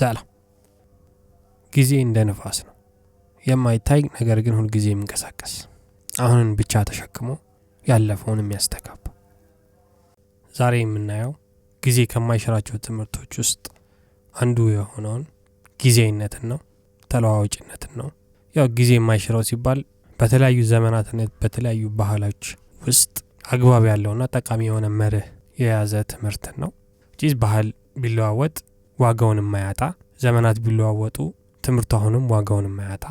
ሰላም። ጊዜ እንደ ንፋስ ነው፣ የማይታይ ነገር ግን ሁልጊዜ የሚንቀሳቀስ አሁንን ብቻ ተሸክሞ ያለፈውን የሚያስተጋባ። ዛሬ የምናየው ጊዜ ከማይሽራቸው ትምህርቶች ውስጥ አንዱ የሆነውን ጊዜይነትን ነው፣ ተለዋዋጭነትን ነው። ያው ጊዜ የማይሽረው ሲባል በተለያዩ ዘመናትነት በተለያዩ ባህሎች ውስጥ አግባብ ያለውና ጠቃሚ የሆነ መርህ የያዘ ትምህርትን ነው። ቺዝ ባህል ቢለዋወጥ ዋጋውን የማያጣ ዘመናት ቢለዋወጡ ትምህርቱ አሁንም ዋጋውን የማያጣ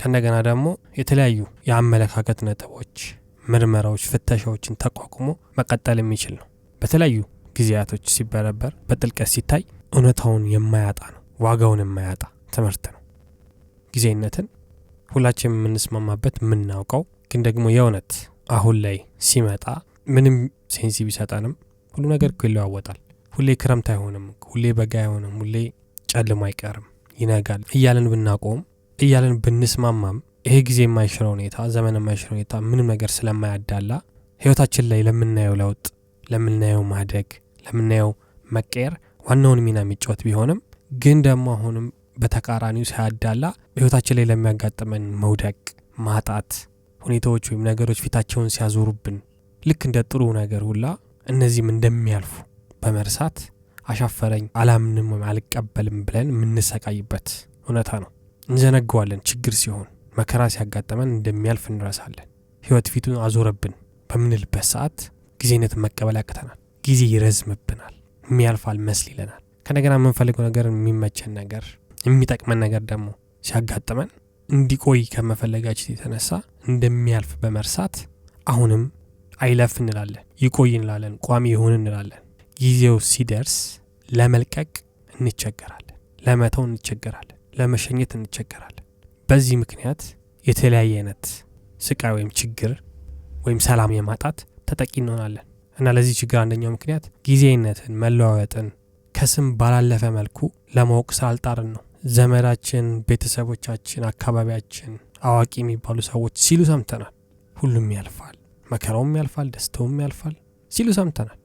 ከእንደገና ደግሞ የተለያዩ የአመለካከት ነጥቦች፣ ምርመራዎች፣ ፍተሻዎችን ተቋቁሞ መቀጠል የሚችል ነው። በተለያዩ ጊዜያቶች ሲበረበር በጥልቀት ሲታይ እውነታውን የማያጣ ነው። ዋጋውን የማያጣ ትምህርት ነው። ጊዜነትን ሁላችን የምንስማማበት የምናውቀው ግን ደግሞ የእውነት አሁን ላይ ሲመጣ ምንም ሴንስ ቢሰጠንም ሁሉ ነገር እኮ ይለዋወጣል። ሁሌ ክረምት አይሆንም፣ ሁሌ በጋ አይሆንም፣ ሁሌ ጨልሞ አይቀርም፣ ይነጋል እያለን ብናቆም እያለን ብንስማማም ይሄ ጊዜ የማይሽረው ሁኔታ ዘመን የማይሽረው ሁኔታ ምንም ነገር ስለማያዳላ ህይወታችን ላይ ለምናየው ለውጥ፣ ለምናየው ማደግ፣ ለምናየው መቀየር ዋናውን ሚና የሚጫወት ቢሆንም ግን ደግሞ አሁንም በተቃራኒው ሳያዳላ ህይወታችን ላይ ለሚያጋጥመን መውደቅ፣ ማጣት ሁኔታዎች ወይም ነገሮች ፊታቸውን ሲያዞሩብን ልክ እንደ ጥሩ ነገር ሁላ እነዚህም እንደሚያልፉ በመርሳት አሻፈረኝ አላምንም ወይም አልቀበልም ብለን የምንሰቃይበት እውነታ ነው። እንዘነገዋለን። ችግር ሲሆን መከራ ሲያጋጠመን እንደሚያልፍ እንረሳለን። ህይወት ፊቱን አዞረብን በምንልበት ሰዓት ጊዜነት መቀበል ያቅተናል። ጊዜ ይረዝምብናል። የሚያልፋል መስል ይለናል። ከነገና የምንፈልገው ነገር፣ የሚመቸን ነገር፣ የሚጠቅመን ነገር ደግሞ ሲያጋጥመን እንዲቆይ ከመፈለጋችን የተነሳ እንደሚያልፍ በመርሳት አሁንም አይለፍ እንላለን፣ ይቆይ እንላለን፣ ቋሚ ይሁን እንላለን። ጊዜው ሲደርስ ለመልቀቅ እንቸገራለን፣ ለመተው እንቸገራለን፣ ለመሸኘት እንቸገራለን። በዚህ ምክንያት የተለያየ አይነት ስቃይ ወይም ችግር ወይም ሰላም የማጣት ተጠቂ እንሆናለን እና ለዚህ ችግር አንደኛው ምክንያት ጊዜነትን፣ መለዋወጥን ከስም ባላለፈ መልኩ ለማወቅ ስላልጣርን ነው። ዘመዳችን፣ ቤተሰቦቻችን፣ አካባቢያችን አዋቂ የሚባሉ ሰዎች ሲሉ ሰምተናል። ሁሉም ያልፋል፣ መከራውም ያልፋል፣ ደስታውም ያልፋል ሲሉ ሰምተናል።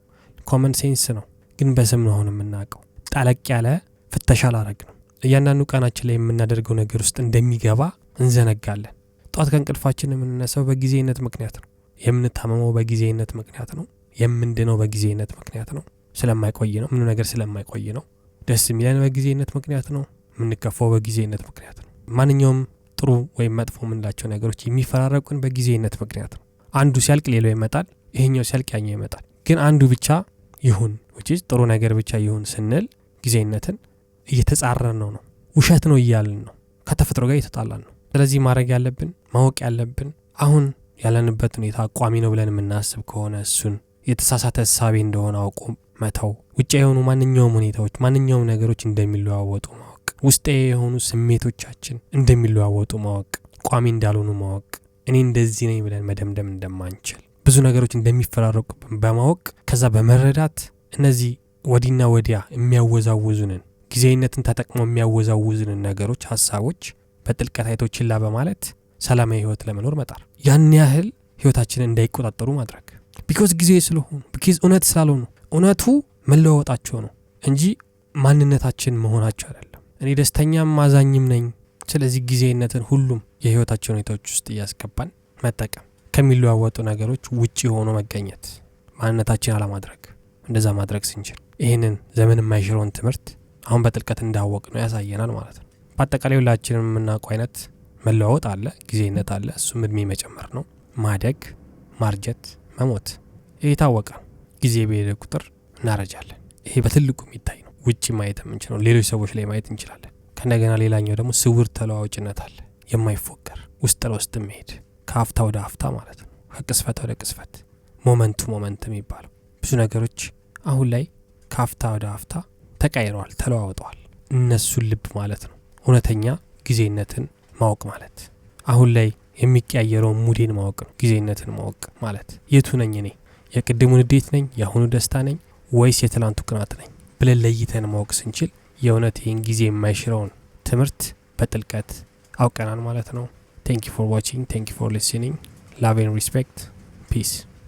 ኮመን ሴንስ ነው፣ ግን በስም ነው የምናውቀው። ጠለቅ ያለ ፍተሻ አላረግ ነው። እያንዳንዱ ቀናችን ላይ የምናደርገው ነገር ውስጥ እንደሚገባ እንዘነጋለን። ጠዋት ከእንቅልፋችን የምንነሳው በጊዜነት ምክንያት ነው። የምንታመመው በጊዜነት ምክንያት ነው። የምንድነው በጊዜነት ምክንያት ነው። ስለማይቆይ ነው። ምንም ነገር ስለማይቆይ ነው። ደስ የሚለን በጊዜነት ምክንያት ነው። የምንከፋው በጊዜነት ምክንያት ነው። ማንኛውም ጥሩ ወይም መጥፎ የምንላቸው ነገሮች የሚፈራረቁን በጊዜነት ምክንያት ነው። አንዱ ሲያልቅ ሌላው ይመጣል። ይሄኛው ሲያልቅ ያኛው ይመጣል። ግን አንዱ ብቻ ይሁን ውጭ ጥሩ ነገር ብቻ ይሁን ስንል ጊዜነትን እየተጻረን ነው ነው ውሸት ነው እያልን ነው። ከተፈጥሮ ጋር እየተጣላን ነው። ስለዚህ ማድረግ ያለብን ማወቅ ያለብን አሁን ያለንበት ሁኔታ አቋሚ ነው ብለን የምናስብ ከሆነ እሱን የተሳሳተ እሳቤ እንደሆነ አውቁ መተው፣ ውጭ የሆኑ ማንኛውም ሁኔታዎች ማንኛውም ነገሮች እንደሚለዋወጡ ማወቅ፣ ውስጥ የሆኑ ስሜቶቻችን እንደሚለዋወጡ ማወቅ፣ ቋሚ እንዳልሆኑ ማወቅ፣ እኔ እንደዚህ ነኝ ብለን መደምደም እንደማንችል ብዙ ነገሮች እንደሚፈራረቁብን በማወቅ ከዛ በመረዳት እነዚህ ወዲና ወዲያ የሚያወዛውዙንን ጊዜነትን ተጠቅመው የሚያወዛውዙንን ነገሮች፣ ሀሳቦች በጥልቀት አይቶ ችላ በማለት ሰላማዊ ህይወት ለመኖር መጣር፣ ያን ያህል ህይወታችንን እንዳይቆጣጠሩ ማድረግ ቢኮዝ ጊዜ ስለሆኑ ቢኮዝ እውነት ስላልሆኑ እውነቱ መለዋወጣቸው ነው እንጂ ማንነታችን መሆናቸው አይደለም። እኔ ደስተኛም አዛኝም ነኝ። ስለዚህ ጊዜነትን ሁሉም የህይወታችን ሁኔታዎች ውስጥ እያስገባን መጠቀም ከሚለዋወጡ ነገሮች ውጭ ሆኖ መገኘት ማንነታችን አለማድረግ እንደዛ ማድረግ ስንችል ይህንን ዘመን የማይሽረውን ትምህርት አሁን በጥልቀት እንዳወቅ ነው ያሳየናል ማለት ነው። በአጠቃላይ ሁላችንም የምናውቀው አይነት መለዋወጥ አለ፣ ጊዜነት አለ። እሱም እድሜ መጨመር ነው። ማደግ፣ ማርጀት፣ መሞት ይህ የታወቀ ጊዜ በሄደ ቁጥር እናረጃለን። ይሄ በትልቁ የሚታይ ነው። ውጭ ማየት የምንችለው ሌሎች ሰዎች ላይ ማየት እንችላለን። ከእንደገና ሌላኛው ደግሞ ስውር ተለዋዋጭነት አለ፣ የማይፎቀር ውስጥ ለውስጥ መሄድ ከሀፍታ ወደ ሀፍታ ማለት ነው፣ ከቅስፈት ወደ ቅስፈት፣ ሞመንቱ ሞመንት የሚባለው ብዙ ነገሮች አሁን ላይ ከሀፍታ ወደ ሀፍታ ተቀይረዋል፣ ተለዋውጠዋል። እነሱን ልብ ማለት ነው። እውነተኛ ጊዜነትን ማወቅ ማለት አሁን ላይ የሚቀያየረውን ሙዴን ማወቅ ነው። ጊዜነትን ማወቅ ማለት የቱ ነኝ እኔ? የቅድሙ ንዴት ነኝ? የአሁኑ ደስታ ነኝ? ወይስ የትላንቱ ቅናት ነኝ? ብለን ለይተን ማወቅ ስንችል የእውነት ይህን ጊዜ የማይሽረውን ትምህርት በጥልቀት አውቀናል ማለት ነው። Thank you for watching. Thank you for listening. Love and respect. Peace.